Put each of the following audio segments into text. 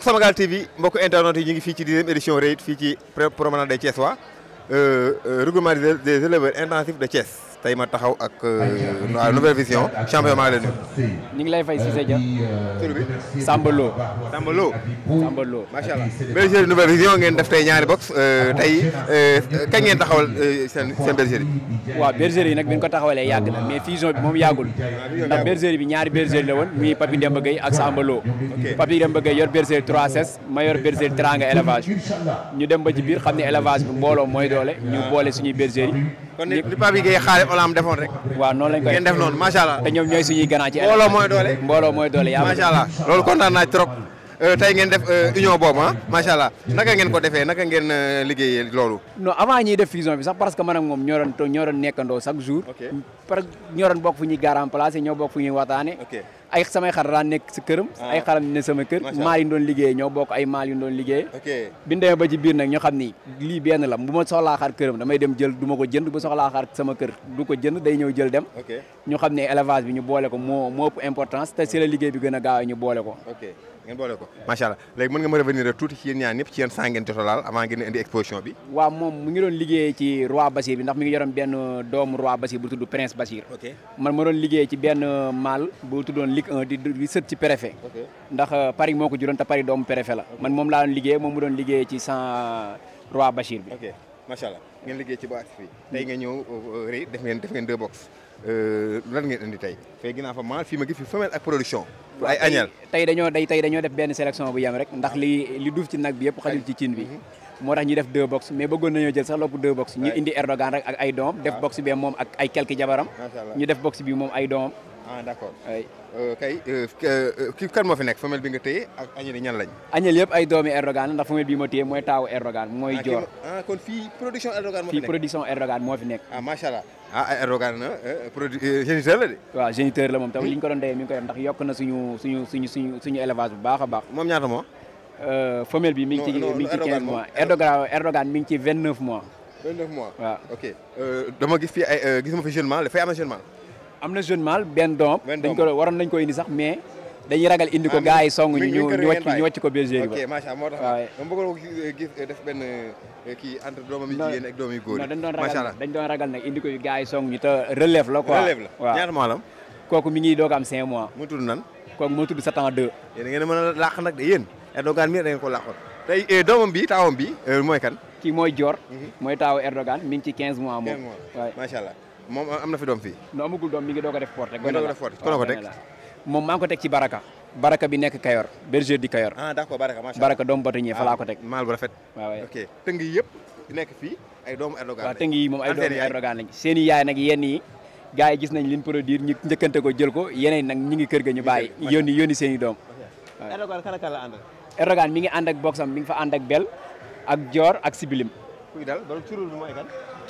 mbokk Samagal TV mbokk internet yi ñu ngi fii ci dixième édition REIT fii ci promenade des Thiessois euh, euh, regroupement des éleveurs intensifs de Thiès tey ma taxaw ak waa euh, Nouvelle Vision champion maa ngi lay nuyu. ñu ngi lay fay Cissé Dia. tur bi Samba Lo. Samba bergerie Nouvelle Vision ngeen def tey ñaari box euh, tey euh, kañ ngeen taxawal seen seen bergerie. waaw bergerie nag bi ko taxawalee yàgg na mais fusion bi moom ah, yàggul. ndax bergerie bi ñaari bergerie la woon muy Papi Demba Gueye ak Samba Lo. Papi Demba Gueye yor bergerie 3S ma yor bergerie Teranga élevage. ñu dem ba ci biir xam ne élevage bi mbooloo mooy doole ñu boole suñuy bergerie. kon ni Pape Gueye xaale Olam defoon rek. ngeen def noonu macha allah. te ñoom ñooy suñuy gànnaar ci. mbooloo mooy doole mbooloo mooy doole yaa macha allah loolu kontaan trop. Euh, tey ngeen def euh, union boobu ah allah naka ngeen ko defee naka ngeen euh, liggéeyee loolu. non avant ñuy def fusion bi sax parce que man ak moom ñoo doon ñoo doon chaque jour. parce que ñoo doon fu ñuy garan place ñoo bokk fu ñuy waxtaane. ay samay xar daan nekk si këram ah. ay xaram ne sama kër maal yi doon liggéey ñoo bokk ay maal yu doon liggéey bi ba ci biir nag ñu xam ni lii benn la bu ma soxlaa xar këram damay dem jël duma ko jënd bu soxlaa xar sama kër du ko jënd day ñëw jël dem ñu xam ne élevage bi ñu boole ko moo moo ëpp importance te si la liggéey bi gën a gaaw ñu boole ko ngeen boole ko macha allah léegi mën nga ma revenir rek tuuti ci yéen ñaar ñëpp ci yéen sangeen jotoo laal avant ngeen indi exposition bi waaw moom mu ngi doon liggéey ci roi Basir bi ndax mi ngi yoroon benn doomu roi Basir bu tudd prince Basir man ma doon liggéey ci benn maal bu tuddoon di sët ci préfet ndax euh, Paris moo ko juróon ta pari doomu préfet la man moom laa doon liggéey moom mu doon liggéey ci san euh, roi Basir bi macha allah ngeen liggéey ci ba ak fii tey nga ñëw euh, def ngeen def ngeen deux box Euh, lan ngeen indi tey fee ginnaaw fa mâle fii ma gi fi femelle ak production pour ay añal tey dañoo day tey dañoo def benn sélection bu yem rek ndax ah. li li duuf ci nag bi yëpp xajul ci cin bi mhm. moo tax ñu def deux box mais bëggoon nañoo jël sax lopp deux box ñu indi Erdogan rek ak ay doom def ah. box bi moom ak ay quelques jabaram ñu def box bi moom ay doomam ah d' accord ay euh, kay euh, euh, kan moo fi nekk femelle bi nga téye ak añel yi ñan ay doomi Erdogan ndax femelle bi ma téye mooy taawu Erdogan mooy joor ah, ah, kon moo fi nekk fii production Erdogan moo fi nekk ah macha allah ah, Erdogan na géniteur la de waaw géniteur la moom tam li ko doon dayee mi koy def ndax yokk na suñu suñu bu baax a baax moom ñaata moo femelle bi mi ngi ci mi ngi ci 15 mois Erdogan Erdogan mi ngi ci 29 mois 29 mois waaw ok gis fii ay gis ma fi jeune mâle dafay am am na jeune mâle benn doom dañ waroon nañ ko indi sax mais dañuy ragal indi ko ah, gars yi song ñu ñu wàcc ñu wàcc ko ba ok eh, eh, eh, kii entre doomam yi doom yu dañ doon ragal dañ doon ragal nag indi ko gars yi song ñu te relève la quoi relève la kooku mi ngi doog am 5 mois mu tudd nan kooku moo tudd satan 2 yéen ngeen mën a làq nag de yéen Erdogan mi da ngeen ko làqoon tey doomam bi taawam bi mooy kan kii mooy joor mhm. mooy taawu Erdogan mi ngi ci 15 mois moom macha allah moom am na fi doom fii. non amagul mi ngi doog a def porte. mi ngi doog a def porte ku ko teg moom maa ngi ci baraka. baraka bi nekk Kayor berger di Kayor. ah d'accord baraka doom allah baraka doomu batoñee fa ah, yëpp nekk fi ay doomu Erdogan lañ. waaw moom ay doomu seen i yaay nag yenn gaa gars yi gis nañ liñ produire ñu njëkkante ko jël ko yeneen nag ñi ngi kër ga ñu bàyyi yónni yónni seen i doom. Erdogan kan kan la àndal. Erdogan mi ngi ànd ak boxam mi ngi fa ànd ak bel ak joor ak sibilim. kuy dal loolu turul mooy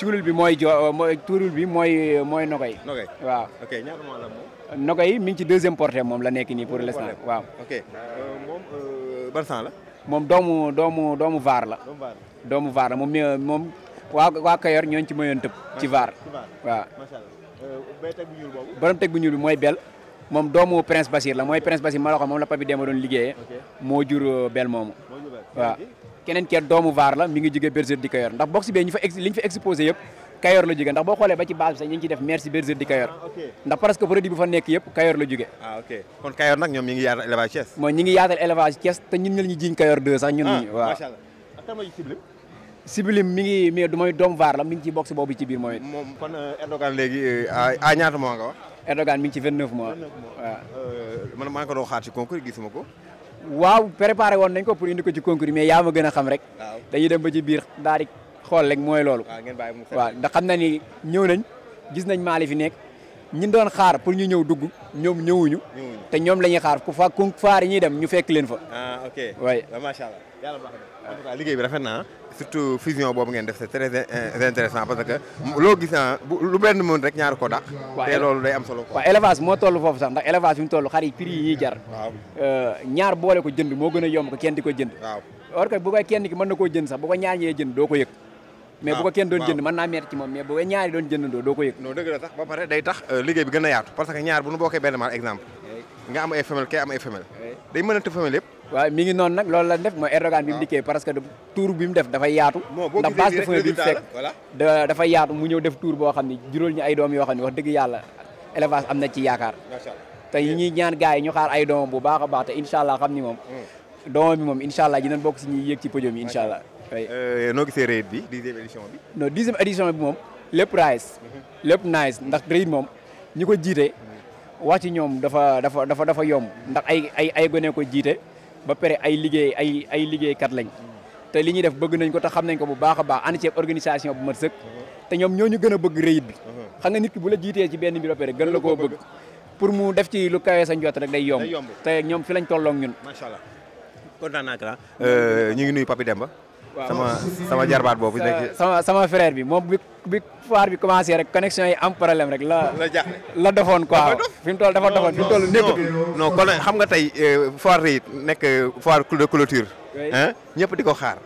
cuulul bi mooy jo euh, bi mooy euh, mooy Nogoy. Nogoy waaw ok mi ngi ci deuxième portée moom la nekk nii pour l'instant waaw. ok euh, moom ban la. moom doomu doomu doomu Vaar la. doomu Vaar la moom mi moom waa waa Kayor ñooñu ci mayoon tëb. ci Vaar waaw. macha allah bay teg bu ñuul boobu. borom bi mooy Bel. moom doomu Prince Basir la mooy Prince Basir ma la ko moom la papi Demba doon liggéeyee. moo jur Bel moom waaw keneen kenn doomu Vaar la mi ngi jógee bergerie di Kayor ndax box bee ñu fa ex li ñu fa exposé yëpp Kayor la jógee ndax boo xoolee ba ci base bi sax ñu ngi ciy def merci bergerie di Kayor ah, ndax presque produit bu fa nekk yëpp Kayor la jógee ah, kon Kayor nag ñoom ñi ngi yaatal élevage Thiès mooy ñi ngi yaatal élevage Thiès te ñun ñu la ñuy jiñ Kayor sax ñun ah, waaw macha allah ak tam siblim siblim mi ngi mais du mooy doomu Vaar la mi ngi ci box boobu ci biir mooy moom kon euh, Erdogan léegi euh, à ñaata nga wax Erdogan mi ngi ci 29 mois waaw euh, man maa ngi ko doon xaar ci concours ko waaw préparé woon nañ ko pour indi ko ci concours mais yaa ma gën a xam rek. dañuy dem ba ci biir daal di xool rek mooy loolu. waaw ngeen bàyyi mu waaw ndax xam na ni ñëw nañ gis nañ maali fi nekk. ñi doon xaar pour ñu ñëw dugg ñoom ñëwuñu. te ñoom la ñuy xaar ku fa ku faar yi ñuy dem ñu fekk leen fa. ah ok waaye macha allah yàlla baax na liggéey bi rafet na ah. surtout fusion boobu ngeen def c'est très euh, intéressant parce que loo gis naa ah, lu benn mën rek ñaar ko dàq. te loolu day am solo quoi. waaw élevage moo toll foofu sax ndax élevage mu toll xar yi prix yi jar. Euh, ñaar boole ko jënd moo gën a yomb ko kenn di ko jënd. waaw or que bu ko kenn ki mën na koo jënd sax bu ko ñaar ñee jënd doo ko yëg mais bu ko kenn doon jënd mën naa metti ci moom mais bu ñaari doon jëndandoo doo ko yëg non dëgg sax ba pare day tax euh, liggéey bi gën a yaatu parce que ñaar bu nu bokkee benn maal exemple nga am ay day mën a tëb femelle yëpp waaw mi ngi nag loolu la def mooy Erdogan bi mu dikkee parce que tour bi def dafay yaatu ndax base de femelle bi mu fekk yaatu mu ñëw def tour boo xam ne juróol ñu ay doom yoo xam ne wax dëgg yàlla élevage am na ci yaakaar te ñaan gars ñu xaar ay doomam bu baax a baax te incha allah Euh, noo gisee raid bi dixième édition bi. non dixième édition bi moom lépp rice. Mhm. lépp nice ndax raid moom ñi ko jiite. Mhm. wax ci ñoom dafa dafa dafa dafa yomb ndax ay ay ay gone ko jiite ba pare ay liggéey ay ay liggéeykat lañ. Mhm. te li ñuy def bëgg nañ ko te xam nañ ko bu baax a baax ànd ceeb organisation bu mat sëkk. te ñoom ñoo ñu gën a bëgg raid bi. xam nga nit ki bu la jiitee ci benn bi ba pare gën la koo bëgg. pour mu def ci lu kawee sa njott rek day yomb. te ñoom fi lañ tollook ñun. macha allah kontaan naa euh, ñu ngi nuyu Papi Demba. sama sama jarbaat boobu nekk sama sama frère bi moom bi bi foire bi commencé rek connexion yi am problème rek la. la ja la dofoon quoi. fi mu toll dafa dofoon fi mu toll nekkatul. non xam nga tey euh, foire yi nekk foire de clôture. ñëpp di ko xaar.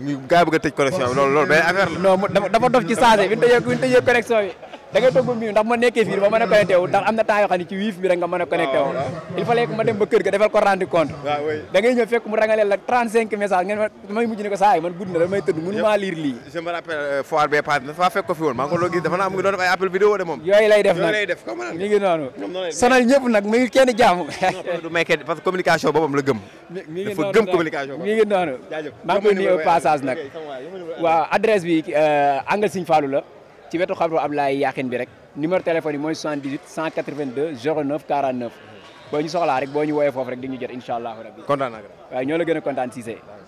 ñu gaa bëgg a tëj connexion bi loolu loolu benn affaire la. non dafa dof ci saa bi bi ñu bi. da ngay toog ba mu ndax ma nekkee fii ba mën a connecté wu ndax am na temps yoo xam ne ci wiif bi rek nga mën a connecté wu il fallait que ma dem ba kër ga defal ko rendre compte ah da ngay ñëw fekk mu rangaleel la 35 messages ngeen may mujj ne ko saa yi man gudd na damay tëdd mënu maa lire lii je me rappelle euh, foire bee pass dafa fekk ko fi woon maa ngi ko loo gis dafa naa mu ngi doon def ay appel vidéo de moom yooyu lay def nag mi ngi noonu sonal ñëpp nag mi ngi kenn jàmm du may kenn parce que communication boobam la gëm dafa gëm communication mi ngi noonu maa ngi koy nuyu au passage nag waaw adresse bi euh, angle Serigne Fallou la ci wetu xabru Ablaye Yakhine bi rek numéro téléphone yi mooy 78 182 09 49 boo ñu soxlaa rek boo ñu woowee foofu rek di ñu jot incha allahu rabbi kontaan naa waaw la gën a kontaan Cissé